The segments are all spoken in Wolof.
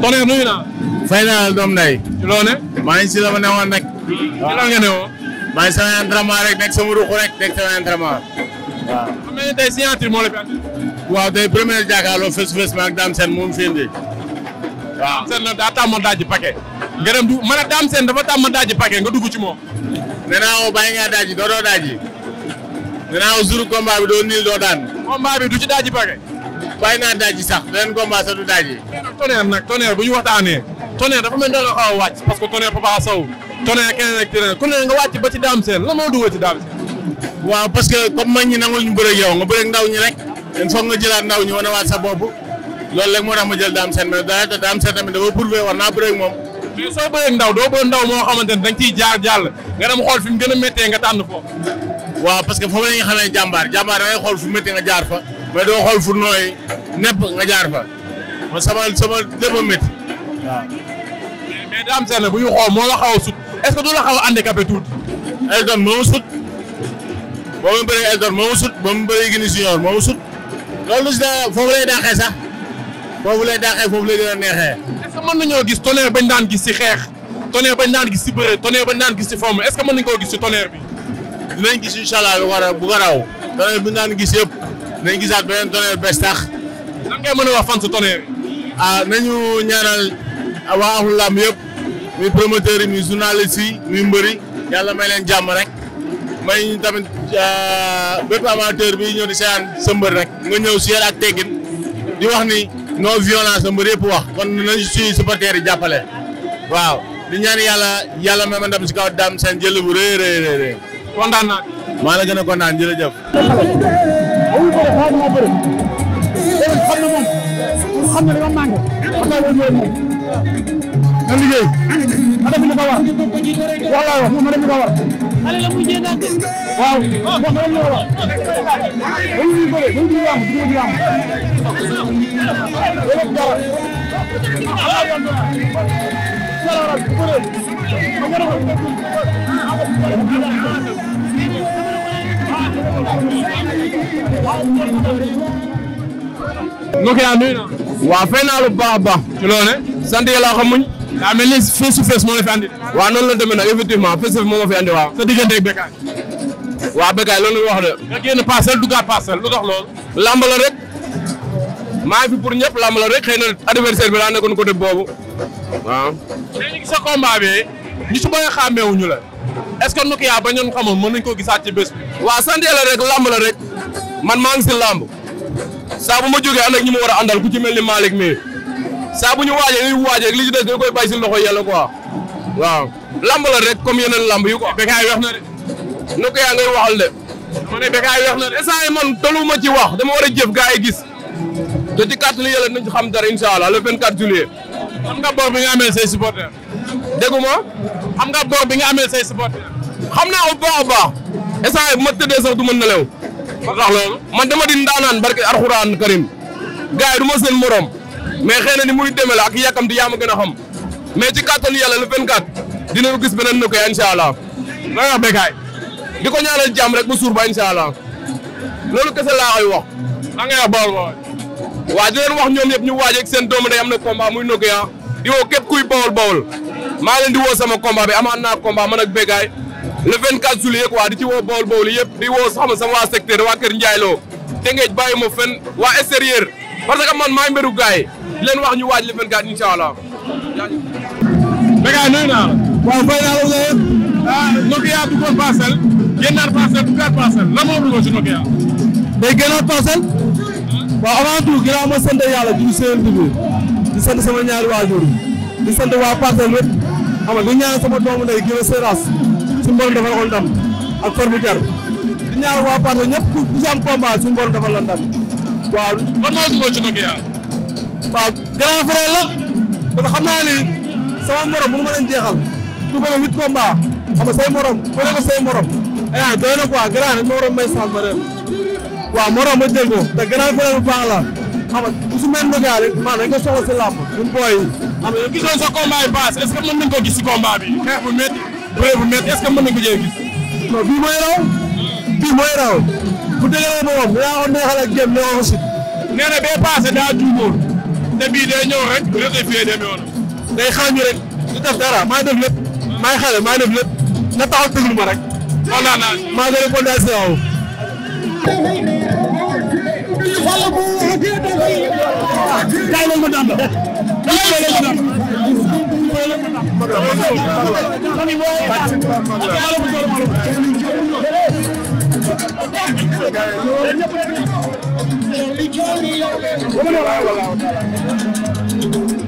tonnerre nuyu naa. fay naa la doom nday. ci loo ne. maa ngi si la ma newoon rek. waaw lan nga newoo. maa ngi sama entraînement rek nekk sama ruq rek nekk sama entraînement waaw. xam nañu tey signature moo la fi andi. waaw tey première jàkkaarloo face face ma ak Dame Sène moom fi indi. waaw Sène la daa tàmm daaj paquet. nga dem du man a Dame Sène dafa tàmm daaj paquet nga dugg ci moom. nee naa woo bàyyi ngaa daaj doo doo daaj. nee naa woo jour combat bi doo niil doo daan. combat bi du ci daaj paquet. bàyyi naa daaji sax beneen combat sax du daaji. tonnerre nag tonnerre bu ñu waxtaanee tonnerre dafa mel ne nga xaw a wàcc parce que tonnerre Papa Sow tonnerre keneen ak keneen ku ne nga wàcc ba ci Dame Sène la moo dugal ci Dame Sène. waaw parce que comme mag ñi nangul ñu bëre yow nga bëre ndaw ñi rek den foog nga jëlaat ndaw ñi wanawaat sa bopp loolu rek moo tax ma jël Dame Sène mais daa Dame Sène tamit dafa naa bëre moom. soo bëree ndaw doo bëre ndaw moo xamante ne da nga ciy jaar jàll nga xool fi mu gën a méttee nga tànn foofu. waaw parce que foofu la ñuy xamee jàmbaar jàmbaar da ngay xool fu jaar fa mais doo xool fu nooy nepp nga jaar fa man sama sama lépp a métti waaw. mais bu ñu xool moo la xaw a sut est-ce du la xaw a handicapé tuuti. Elton moomu sut boo ma bëree Elton moomu ma bëree sut loolu lu si daan foofu lay daaxee sax foofu lay daaxee foofu lay gën a neexee. est-ce que gis tonnerre bañ daan gis si xeex tonnerre bañ daan gis si bëre tonnerre bañ daan gis si fom est-ce que mën nañu koo gis si tonnerre bi. dinañ gis incha allah bu war a bu ko gis yëpp. nañ gisaat beneen tonnerre bees tax. lan ngay a wax fan sa tonnerre. ah nañu ñaanal waa axlu làmb yëpp muy promoteurs yi muy journalistes mbëri yàlla may leen jàmm rek may tamit ah, bépp amateur bi ñëw di seetaan sa mbër rek nga ñëw si yar ak teggin di wax ni non violence sa mbër yëpp wax kon nañu suñu supporters yi jàppale waaw di ñaan yàlla yàlla may ma ndam si kaw daam seen jël bu rëy rëy rëy kontaan naa maa la gën a kontaan jërëjëf muy bëre xaar moo bëre loolu xam na moom pour xam ne dama manqué waxtaan bi ñëwee moom. nga liggéey. ma def li ko war. wallaay wax moom ma def li ko war. xale la muy jéem a gën. waaw moom ma def li ko war. ba ñu bëre ba ñu di yàmb di di yàmb. loolu dara. dara bu bëree. ma gën a ko. Nokia nuyu naa. waaw fay naa lu baax a baax. ci loolu ne. sant yàlla xamuñ. daa mel ni face to face moo la fi andi. waaw noonu la demee nag effectivement face to face moo ma fi andi waaw. sa diggante ak Bécaye. waaw Bécaye loolu la wax de. nga génn parcelle duggaat parcelle lu tax loolu. lamb la rek. maa ngi fi pour ñëpp lamb la rek xëy na adversaire bi daa nekkoon côté boobu waaw. sa combat ñu si bëri xàmmeewuñu est-ce que Nokia ba ñoon xamoon mën nañ koo gisaat ci bés bi waaw sant rek lamb la rek man maa ngi si lamb saabu ma jóge ànd ak ñi ma war a àndal ku ci mel ni Malick mii saa bu ñu waajee li ñu waajee li ci des da koy bàyyi si loxo yàlla quoi waaw lamb la rek comme yeneen lamb yu ko Bécaye weex na de Nokia ngay waxal de dama ne Bécaye weex na de instant yi man ci wax dama war a jëf gaa yi gis te ci kàttanu yàlla xam dara incha allah le 24 juillet. am nga bor bi nga amee say supporters. dégguma xam nga boor bi nga amee say supporter xam naa ko baax a baax instant bu ma tëddee sax du ma nelaw ba tax loolu man dama di ndaanaan barke alxuraan karim gars yi du ma seen morom mais xëy na ni muy demee la ak yàkkam di yaa ma gën a xam mais ci kàttanu yàlla le 24 dinañu gis beneen nu koy incha allah looy wax béykat di ko ñaanal jàmm rek ba suur ba incha allah loolu kese laa koy wax. maa ngi lay wax Baol Baol wax ñoom yëpp ñu waaj ak seen doomu day am na combat muy Nokia di maa leen di woo sama combat bi amaat naa combat man ak Bégaay le 24 juillet quoi di ci woo bool bool yëpp di woo xam sama waa secteur waa Kër Ndiaye Lo Tëngéej bàyyi ma fenn waa extérieur parce que man maay mbiru gars leen wax ñu waaj le 24 incha allah. Bégaay nuyu naa la. waaw fay naa la nga yëpp. ah Nokia duggoon parcelle génnaat parcelle duggaat parcelle lan moo duggoon ci Nokia. day génnaat parcelle. Hmm? waaw avant tout ginnaaw ma sant yàlla di sant sama ñaari waajur di sant xam nga ñaan sama doomu ndey Guiro Seras suñu borom defal ko ndam ak formu jar di ñaan waa Pato ñëpp ku ci am combat suñu borom defal la ndam waaw. man maa dugg la parce que xam morom mënu ma leen jeexal du ko huit combat xam nga say morom bëri ko say morom. eh doy na quoi grand morom may sàmm rek waaw morom ma jël ko te grand frère bu baax la. xam nga su mel ndogaale maanaam dañ ko soxla si làmb ñun booy yi. xam nga gisoo sa combat paas est-ce que ko gis si combat bi xeex bu métti bëre bu métti est-ce que mën nañ ko jëlee gis. non bii mooy raw bii mooy raw bu dëgëree ba moom yaa ko neexal ak jëm ne si. nee bee paase daa juumoon te bii day ñëw rek rectifier dem yoon. day xaañu rek du def dara maa def lépp maay xale maa def lépp na taxaw déglu ma rek. xool naa naa maa ngi leen wala bu kay loolu ma daan la kay loolu ma daan la kay loolu ma daan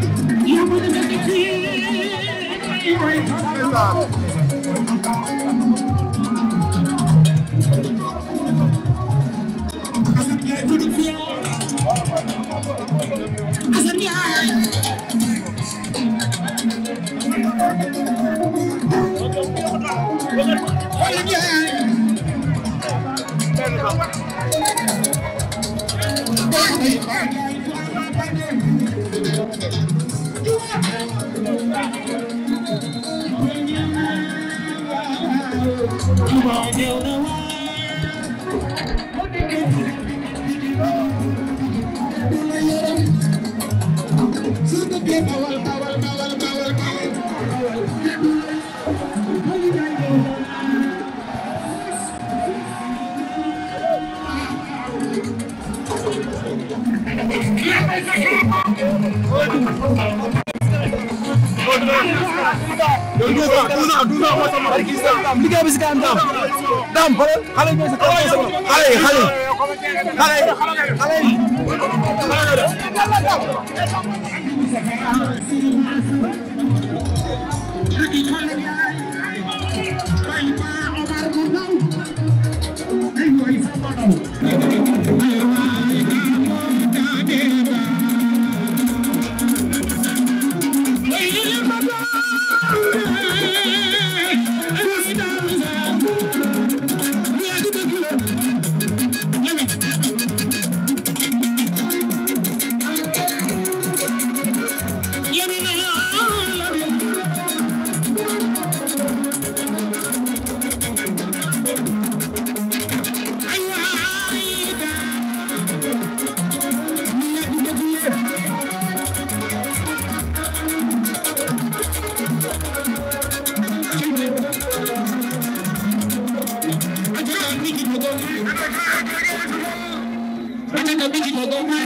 You won't know why. liggéey bi si kanam daam daam xoolal xale yi ñooy si kanam sama xale yi xale yi xale yi xale yi xale yi